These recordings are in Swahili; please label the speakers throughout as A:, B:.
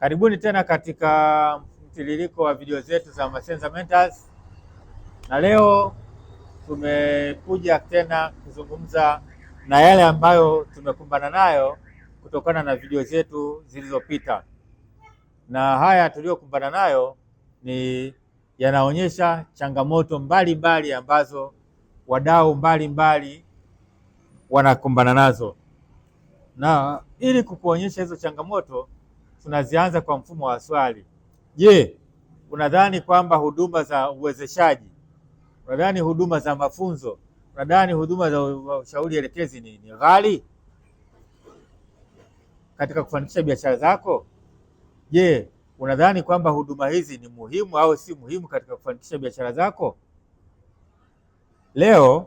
A: Karibuni tena katika mtiririko wa video zetu za Masenza Mentors, na leo tumekuja tena kuzungumza na yale ambayo tumekumbana nayo kutokana na video zetu zilizopita, na haya tuliyokumbana nayo ni yanaonyesha changamoto mbalimbali mbali ambazo wadau mbalimbali wanakumbana nazo, na ili kukuonyesha hizo changamoto tunazianza kwa mfumo wa swali. Je, unadhani kwamba huduma za uwezeshaji, unadhani huduma za mafunzo, unadhani huduma za ushauri elekezi ni, ni ghali katika kufanikisha biashara zako? Je, unadhani kwamba huduma hizi ni muhimu au si muhimu katika kufanikisha biashara zako? Leo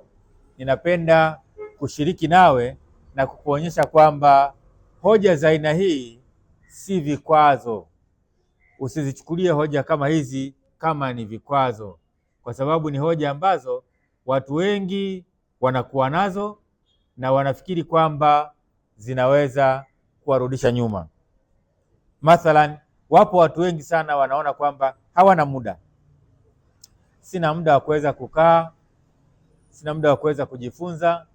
A: ninapenda kushiriki nawe na kukuonyesha kwamba hoja za aina hii si vikwazo. Usizichukulie hoja kama hizi kama ni vikwazo, kwa sababu ni hoja ambazo watu wengi wanakuwa nazo na wanafikiri kwamba zinaweza kuwarudisha nyuma. Mathalan, wapo watu wengi sana wanaona kwamba hawana muda, sina muda wa kuweza kukaa, sina muda wa kuweza kujifunza,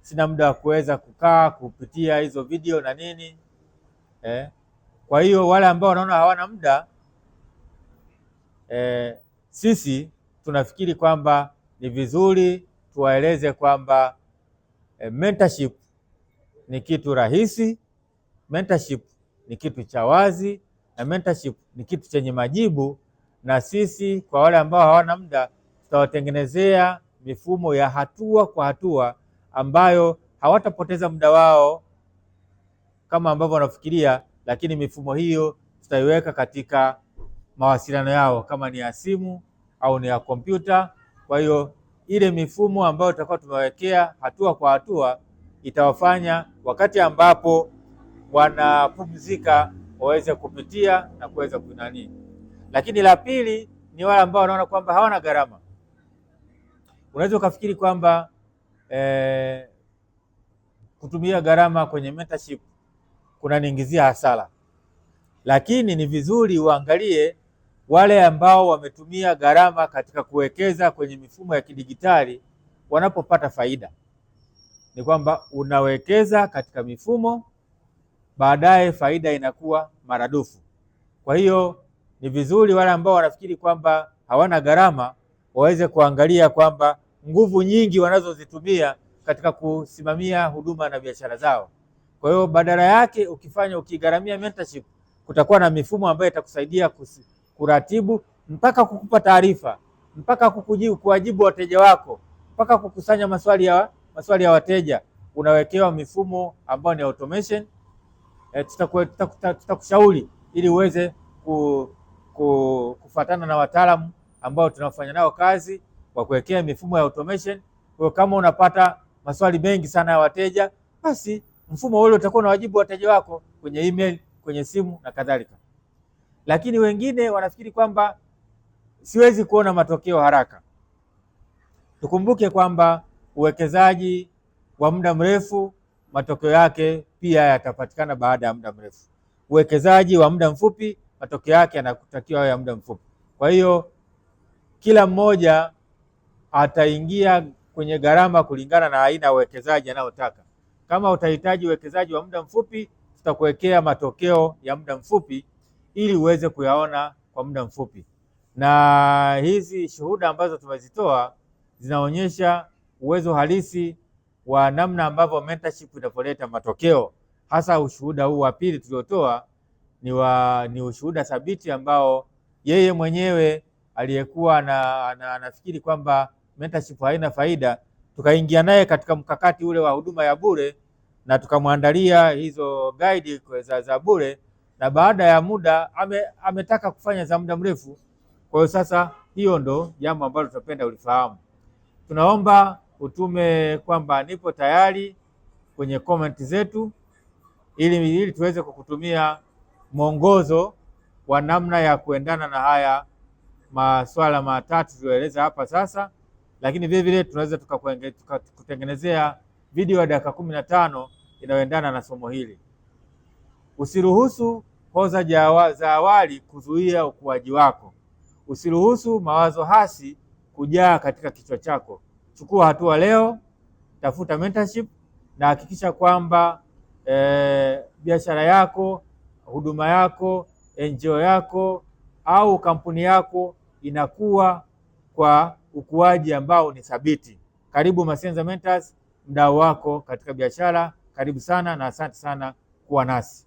A: sina muda wa kuweza kukaa kupitia hizo video na nini eh. Kwa hiyo wale ambao wanaona hawana muda e, sisi tunafikiri kwamba ni vizuri tuwaeleze kwamba e, mentorship ni kitu rahisi, mentorship ni kitu cha wazi na mentorship ni kitu chenye majibu, na sisi kwa wale ambao hawana muda tutawatengenezea mifumo ya hatua kwa hatua ambayo hawatapoteza muda wao kama ambavyo wanafikiria lakini mifumo hiyo tutaiweka katika mawasiliano yao kama ni ya simu au ni ya kompyuta. Kwa hiyo ile mifumo ambayo tutakuwa tumewekea hatua kwa hatua itawafanya wakati ambapo wanapumzika waweze kupitia na kuweza kunani. Lakini la pili ni wale ambao wanaona kwamba hawana gharama. Unaweza ukafikiri kwamba eh, kutumia gharama kwenye mentorship unaniingizia hasara. Lakini ni vizuri uangalie wale ambao wametumia gharama katika kuwekeza kwenye mifumo ya kidigitali wanapopata faida ni kwamba unawekeza katika mifumo, baadaye faida inakuwa maradufu. Kwa hiyo ni vizuri wale ambao wanafikiri kwamba hawana gharama waweze kuangalia kwamba nguvu nyingi wanazozitumia katika kusimamia huduma na biashara zao kwa hiyo badala yake ukifanya ukigharamia mentorship, kutakuwa na mifumo ambayo itakusaidia kuratibu mpaka kukupa taarifa mpaka kukujibu kuwajibu wateja wako mpaka kukusanya maswali ya, maswali ya wateja unawekewa mifumo ambayo ni automation. E, tutakushauri ili uweze ku, ku, kufatana na wataalamu ambao tunafanya nao kazi kwa kuwekea mifumo ya automation. Kwa kama unapata maswali mengi sana ya wateja basi mfumo ule utakuwa na wajibu wateja wako kwenye email, kwenye simu na kadhalika. Lakini wengine wanafikiri kwamba siwezi kuona matokeo haraka. Tukumbuke kwamba uwekezaji wa muda mrefu matokeo yake pia yatapatikana baada ya muda mrefu. Uwekezaji wa muda mfupi matokeo yake yanatakiwa ya muda mfupi. Kwa hiyo kila mmoja ataingia kwenye gharama kulingana na aina ya uwekezaji anayotaka. Kama utahitaji uwekezaji wa muda mfupi, tutakuwekea matokeo ya muda mfupi ili uweze kuyaona kwa muda mfupi, na hizi shuhuda ambazo tumezitoa zinaonyesha uwezo halisi wa namna ambavyo mentorship inavyoleta matokeo. Hasa ushuhuda huu wa pili tuliotoa ni wa ni ushuhuda thabiti ambao yeye mwenyewe aliyekuwa anafikiri kwamba mentorship haina faida tukaingia naye katika mkakati ule wa huduma ya bure na tukamwandalia hizo guide za, za bure, na baada ya muda ame, ametaka kufanya za muda mrefu. Kwa hiyo sasa, hiyo ndo jambo ambalo tunapenda ulifahamu. Tunaomba utume kwamba nipo tayari kwenye comment zetu, ili, ili tuweze kukutumia mwongozo wa namna ya kuendana na haya maswala matatu tulioeleza hapa sasa lakini vilevile tunaweza tukakutengenezea video ya dakika kumi na tano inayoendana na somo hili. Usiruhusu hoza za awali kuzuia ukuaji wako. Usiruhusu mawazo hasi kujaa katika kichwa chako. Chukua hatua leo, tafuta mentorship na hakikisha kwamba e, biashara yako, huduma yako, NGO yako au kampuni yako inakuwa kwa ukuaji ambao ni thabiti. Karibu Masenza Mentors, mdau wako katika biashara. Karibu sana na asante sana kuwa nasi.